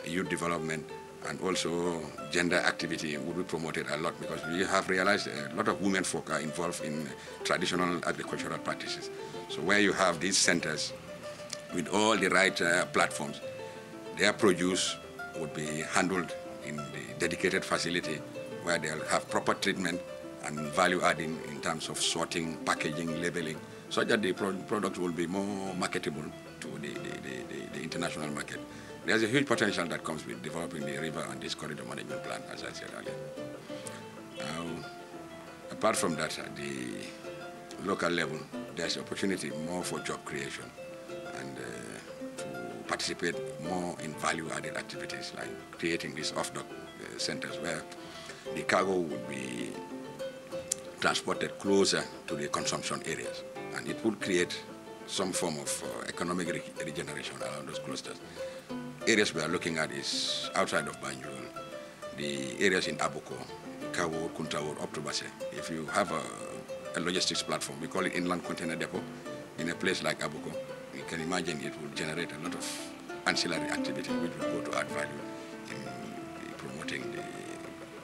youth development, and also gender activity would be promoted a lot because we have realized a lot of women folk are involved in traditional agricultural practices. So where you have these centers with all the right uh, platforms, their produce would be handled in the dedicated facility where they'll have proper treatment and value adding in terms of sorting, packaging, labeling, so that the pro product will be more marketable to the, the, the, the international market. There's a huge potential that comes with developing the river and this corridor management plan, as I said earlier. Um, apart from that, at the local level, there's opportunity more for job creation and uh, to participate more in value-added activities like creating these off-dock uh, centers where the cargo would be transported closer to the consumption areas and it would create some form of uh, economic re regeneration around those clusters areas we are looking at is outside of Banjul, the areas in Abuko, Kawo, Kuntao, up to If you have a, a, logistics platform, we call it inland container depot, in a place like Abuko, you can imagine it will generate a lot of ancillary activity which will go to add value in promoting the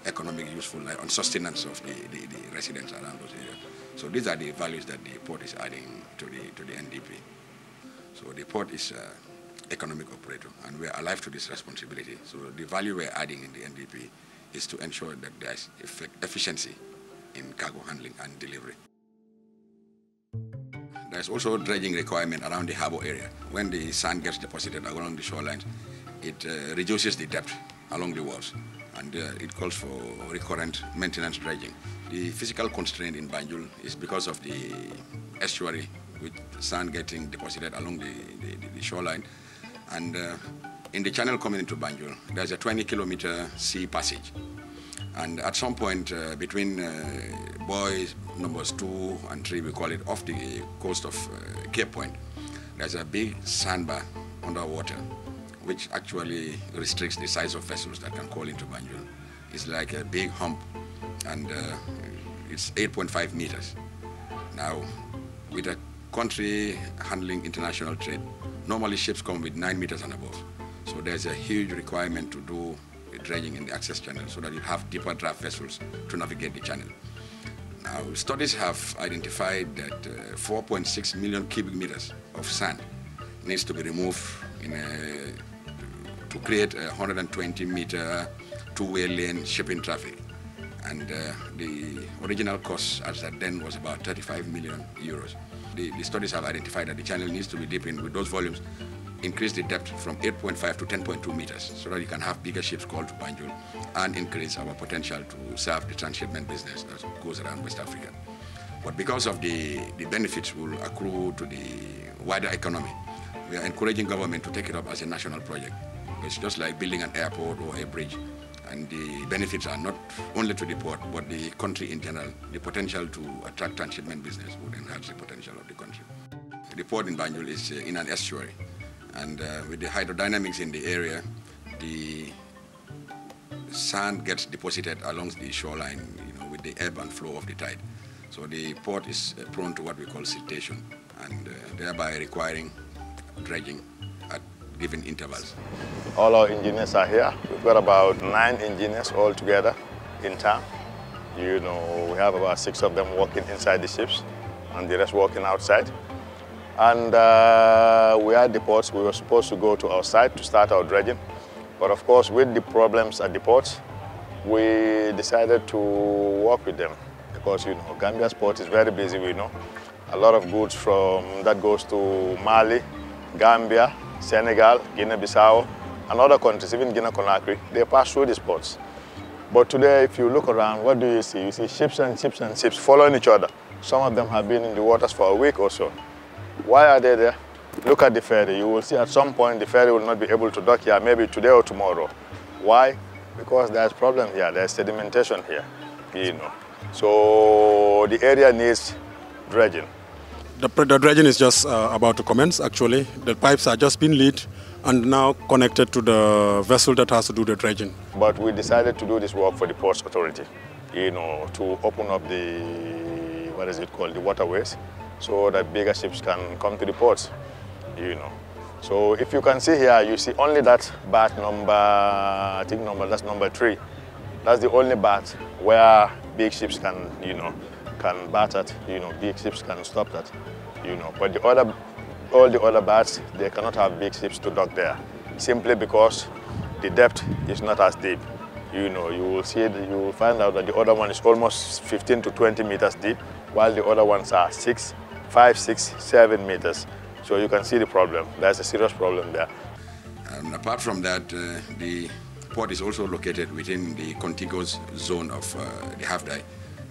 economic usefulness and sustenance of the, the, the residents around those areas. So these are the values that the port is adding to the, to the NDP. So the port is uh, economic operator, and we are alive to this responsibility. So the value we're adding in the NDP is to ensure that there's efficiency in cargo handling and delivery. There's also dredging requirement around the harbor area. When the sand gets deposited along the shorelines, it uh, reduces the depth along the walls and uh, it calls for recurrent maintenance dredging. The physical constraint in Banjul is because of the estuary with sand getting deposited along the, the, the shoreline and uh, in the channel coming into Banjul, there's a 20 kilometer sea passage. And at some point uh, between uh, numbers two and three, we call it off the coast of uh, Cape Point, there's a big sandbar underwater, which actually restricts the size of vessels that can call into Banjul. It's like a big hump, and uh, it's 8.5 meters. Now, with a country handling international trade, Normally ships come with nine meters and above. So there's a huge requirement to do dredging in the access channel so that you have deeper draft vessels to navigate the channel. Now, studies have identified that uh, 4.6 million cubic meters of sand needs to be removed a, to create a 120 meter two-way lane shipping traffic. And uh, the original cost as at then was about 35 million euros the, the studies have identified that the channel needs to be deepened with those volumes increase the depth from 8.5 to 10.2 meters so that you can have bigger ships called to Banjul and increase our potential to serve the transshipment business that goes around West Africa. But because of the, the benefits will accrue to the wider economy, we are encouraging government to take it up as a national project. It's just like building an airport or a bridge and the benefits are not only to the port, but the country in general. The potential to attract transshipment business would enhance the potential of the country. The port in Banjul is uh, in an estuary, and uh, with the hydrodynamics in the area, the sand gets deposited along the shoreline you know, with the ebb and flow of the tide. So the port is uh, prone to what we call siltation, and uh, thereby requiring dredging given intervals. All our engineers are here. We've got about nine engineers all together in town. You know, we have about six of them working inside the ships and the rest working outside. And uh, we had the ports. We were supposed to go to our site to start our dredging. But of course, with the problems at the ports, we decided to work with them because, you know, Gambia's port is very busy, we know. A lot of goods from that goes to Mali, Gambia, Senegal, Guinea-Bissau, and other countries, even Guinea-Conakry, they pass through these ports. But today, if you look around, what do you see? You see ships and ships and ships following each other. Some of them have been in the waters for a week or so. Why are they there? Look at the ferry. You will see at some point the ferry will not be able to dock here, maybe today or tomorrow. Why? Because there's problem here. There's sedimentation here, you know. So the area needs dredging. The, the dredging is just uh, about to commence actually. The pipes are just been laid and now connected to the vessel that has to do the dredging. But we decided to do this work for the Ports Authority, you know, to open up the, what is it called, the waterways, so that bigger ships can come to the ports, you know. So if you can see here, you see only that bat number, I think number, that's number three. That's the only bat where big ships can, you know, can bat at, you know, big ships can stop that, you know. But the other, all the other bats, they cannot have big ships to dock there, simply because the depth is not as deep. You know, you will see, the, you will find out that the other one is almost 15 to 20 meters deep, while the other ones are six, five, six, seven meters. So you can see the problem. There's a serious problem there. Um, apart from that, uh, the port is also located within the contiguous zone of uh, the half-die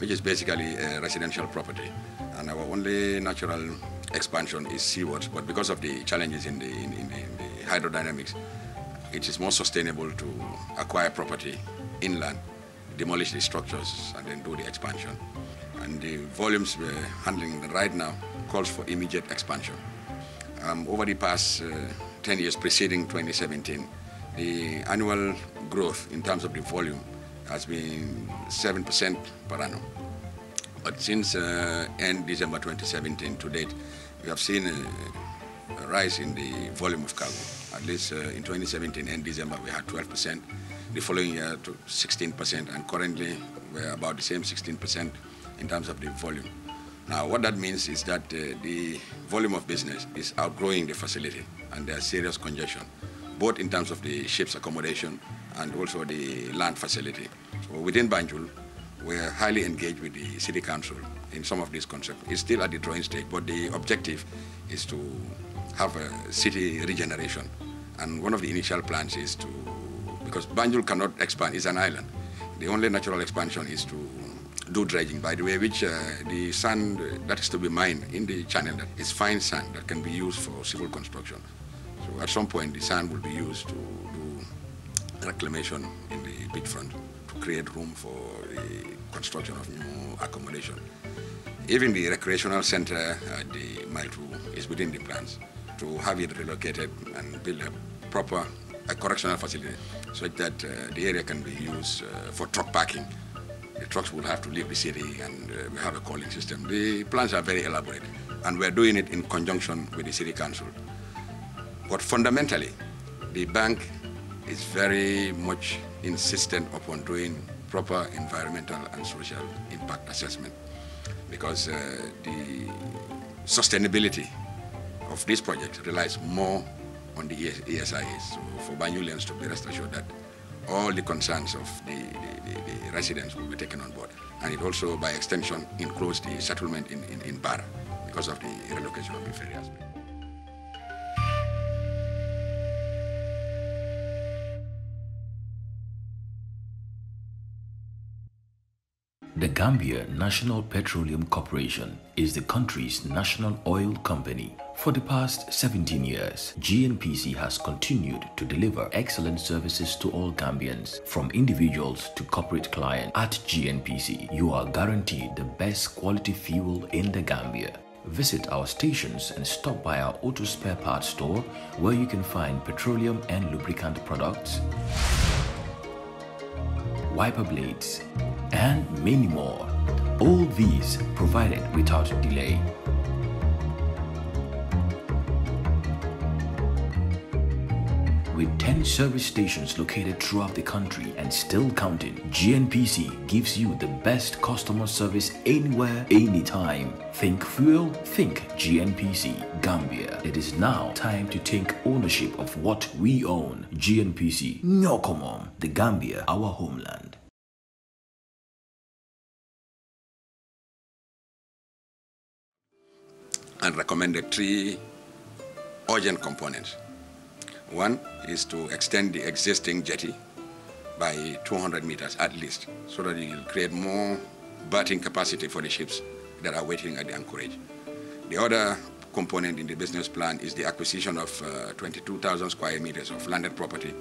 which is basically uh, residential property. And our only natural expansion is seawards, but because of the challenges in the, in, in, in the hydrodynamics, it is more sustainable to acquire property inland, demolish the structures, and then do the expansion. And the volumes we're handling right now calls for immediate expansion. Um, over the past uh, 10 years preceding 2017, the annual growth in terms of the volume has been 7% per annum. But since uh, end December 2017 to date, we have seen a, a rise in the volume of cargo. At least uh, in 2017 end December we had 12%, the following year to 16%, and currently we're about the same 16% in terms of the volume. Now, what that means is that uh, the volume of business is outgrowing the facility and there's serious congestion both in terms of the ship's accommodation and also the land facility. So within Banjul, we're highly engaged with the City Council in some of these concepts. It's still at the drawing stage, but the objective is to have a city regeneration. And one of the initial plans is to, because Banjul cannot expand, it's an island. The only natural expansion is to do dredging, by the way, which uh, the sand that is to be mined in the channel is fine sand that can be used for civil construction. So at some point, the sand will be used to do reclamation in the beachfront to create room for the construction of new accommodation. Even the recreational center at the Mile 2 is within the plans to have it relocated and build a proper a correctional facility so that uh, the area can be used uh, for truck parking. The trucks will have to leave the city and uh, we have a calling system. The plans are very elaborate and we're doing it in conjunction with the city council. But fundamentally, the bank is very much insistent upon doing proper environmental and social impact assessment because uh, the sustainability of this project relies more on the ESIS. So for Banyulians to be rest assured that all the concerns of the, the, the, the, residents will be taken on board. And it also, by extension, includes the settlement in, in, in Barra because of the relocation of the ferry aspect. The Gambia National Petroleum Corporation is the country's national oil company. For the past 17 years, GNPC has continued to deliver excellent services to all Gambians, from individuals to corporate clients. At GNPC, you are guaranteed the best quality fuel in the Gambia. Visit our stations and stop by our auto spare parts store where you can find petroleum and lubricant products, wiper blades, and many more. All these provided without delay. With 10 service stations located throughout the country and still counting, GNPC gives you the best customer service anywhere, anytime. Think fuel, think GNPC, Gambia. It is now time to take ownership of what we own. GNPC, Nyokomom, the Gambia, our homeland. and recommended three urgent components. One is to extend the existing jetty by 200 meters at least, so that it will create more berthing capacity for the ships that are waiting at the anchorage. The other component in the business plan is the acquisition of uh, 22,000 square meters of landed property.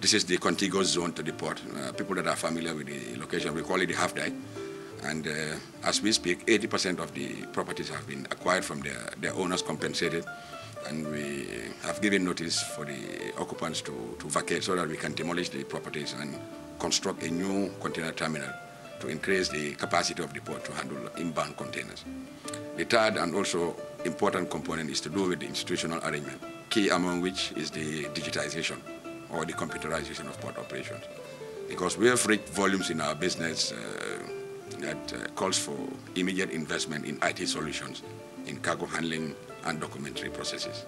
This is the contiguous zone to the port. Uh, people that are familiar with the location, we call it the half day. And uh, as we speak, 80% of the properties have been acquired from their, their owners compensated. And we have given notice for the occupants to, to vacate so that we can demolish the properties and construct a new container terminal to increase the capacity of the port to handle inbound containers. The third and also important component is to do with the institutional arrangement, key among which is the digitization or the computerization of port operations. Because we have reached volumes in our business uh, that uh, calls for immediate investment in IT solutions, in cargo handling and documentary processes.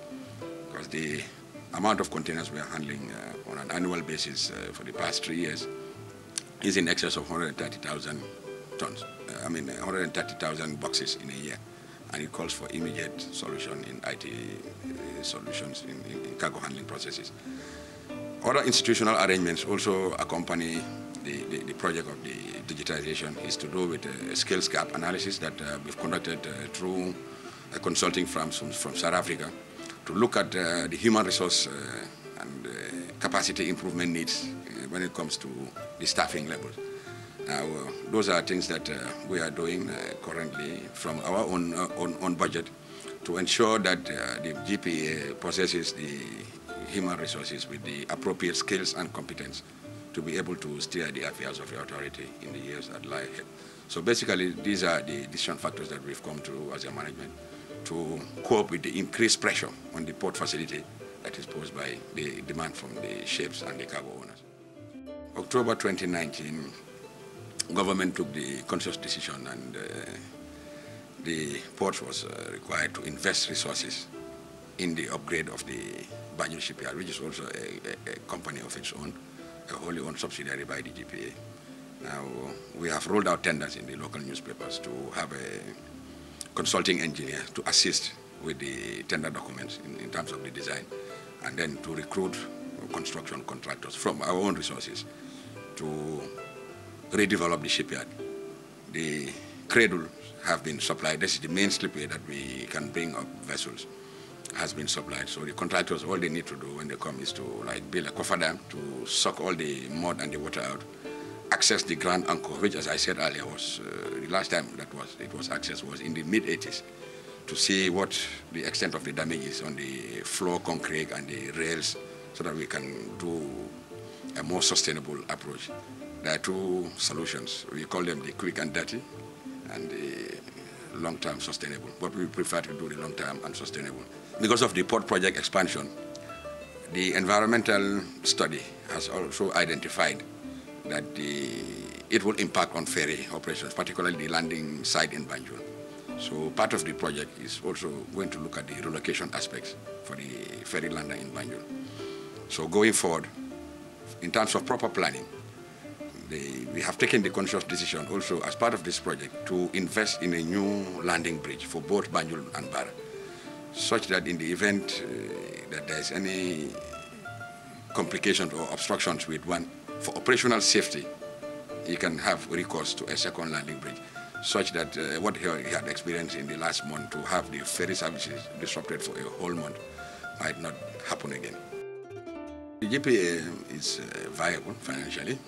Because the amount of containers we are handling uh, on an annual basis uh, for the past three years is in excess of 130,000 tons, uh, I mean uh, 130,000 boxes in a year. And it calls for immediate solution in IT uh, solutions, in, in cargo handling processes. Other institutional arrangements also accompany the, the, the, project of the digitization is to do with a skills gap analysis that uh, we've conducted uh, through consulting firms from, from, South Africa to look at uh, the human resource uh, and uh, capacity improvement needs when it comes to the staffing levels. Now, those are things that we are doing currently from our own, own, own, budget to ensure that the GPA possesses the human resources with the appropriate skills and competence to be able to steer the affairs of the authority in the years that lie ahead. So basically, these are the decision factors that we've come to as a management to cope with the increased pressure on the port facility that is posed by the demand from the ships and the cargo owners. October 2019, government took the conscious decision and uh, the port was uh, required to invest resources in the upgrade of the Banyu shipyard, which is also a, a, a company of its own. A wholly owned subsidiary by DGPA. Now, we have rolled out tenders in the local newspapers to have a consulting engineer to assist with the tender documents in, in terms of the design, and then to recruit construction contractors from our own resources to redevelop the shipyard. The cradle have been supplied. This is the main slipway that we can bring up vessels has been supplied. So the contractors, all they need to do when they come is to like build a coffer dam to suck all the mud and the water out, access the Grand Anchor, which as I said earlier was uh, the last time that was it was accessed was in the mid 80s to see what the extent of the damage is on the floor concrete and the rails so that we can do a more sustainable approach. There are two solutions. We call them the quick and dirty and the long-term sustainable, but we prefer to do the long-term and sustainable because of the port project expansion, the environmental study has also identified that the, it will impact on ferry operations, particularly the landing site in Banjul. So part of the project is also going to look at the relocation aspects for the ferry landing in Banjul. So going forward, in terms of proper planning, the, we have taken the conscious decision also as part of this project to invest in a new landing bridge for both Banjul and Barra such that in the event uh, that there is any complications or obstructions with one, for operational safety, you can have recourse to a second landing bridge, such that uh, what he had experienced in the last month to have the ferry services disrupted for a whole month might not happen again. The GPA is uh, viable financially.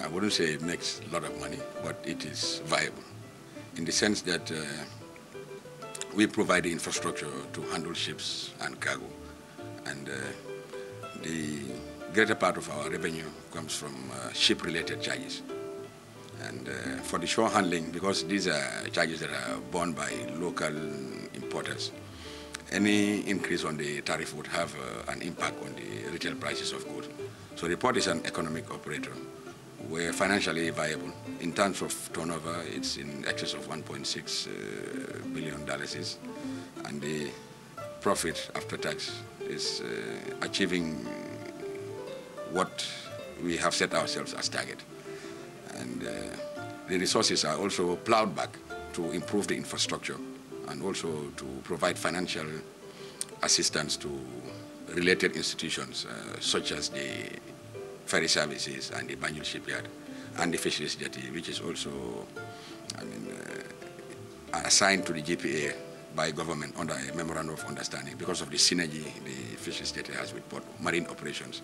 I wouldn't say it makes a lot of money, but it is viable in the sense that uh, we provide the infrastructure to handle ships and cargo. And uh, the greater part of our revenue comes from uh, ship-related charges. And uh, for the shore handling, because these are charges that are borne by local importers, any increase on the tariff would have uh, an impact on the retail prices of goods. So the port is an economic operator. We're financially viable. In terms of turnover, it's in excess of 1.6 uh, Billion dollars is, and the profit after tax is uh, achieving what we have set ourselves as target. And uh, the resources are also plowed back to improve the infrastructure and also to provide financial assistance to related institutions uh, such as the ferry services and the Banjul shipyard and the fisheries jetty, which is also I mean, uh, assigned to the GPA by government under a memorandum of understanding because of the synergy the fishing state has with port marine operations.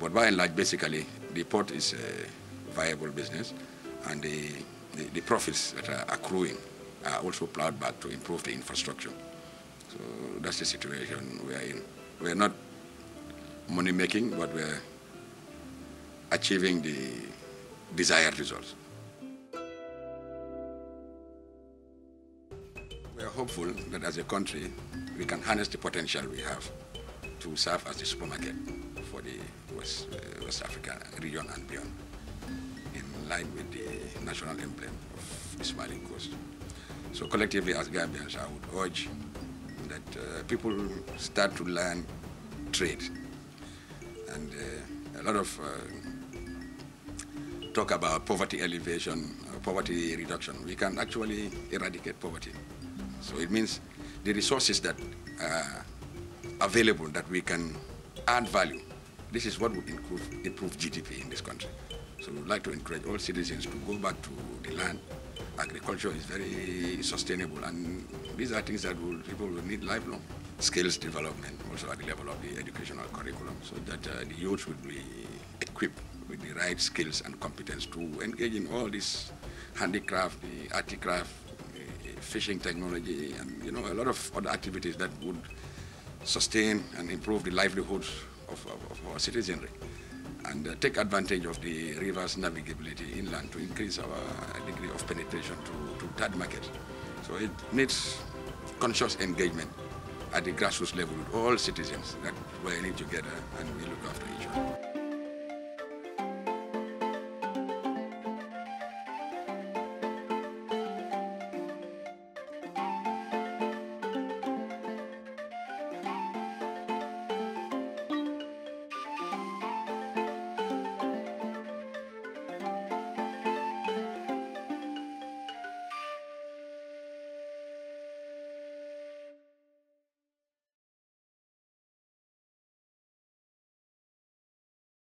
But by and large, basically, the port is a viable business, and the, the, the profits that are accruing are also plowed back to improve the infrastructure. So that's the situation we are in. We are not money making, but we are achieving the desired results. We are hopeful that as a country, we can harness the potential we have to serve as the supermarket for the West, uh, West Africa region and beyond, in line with the national emblem of the Smiling Coast. So collectively as Gambians, I would urge that uh, people start to learn trade. And uh, a lot of uh, talk about poverty elevation, uh, poverty reduction. We can actually eradicate poverty so it means the resources that are uh, available that we can add value, this is what would improve, improve GDP in this country. So we would like to encourage all citizens to go back to the land. Agriculture is very sustainable and these are things that will, people will need lifelong. Skills development also at the level of the educational curriculum so that uh, the youth would be equipped with the right skills and competence to engage in all this handicraft, the articraft, fishing technology, and you know, a lot of other activities that would sustain and improve the livelihoods of, of, of our citizenry and uh, take advantage of the river's navigability inland to increase our uh, degree of penetration to, to third market. So it needs conscious engagement at the grassroots level with all citizens that we're together and we look after each other.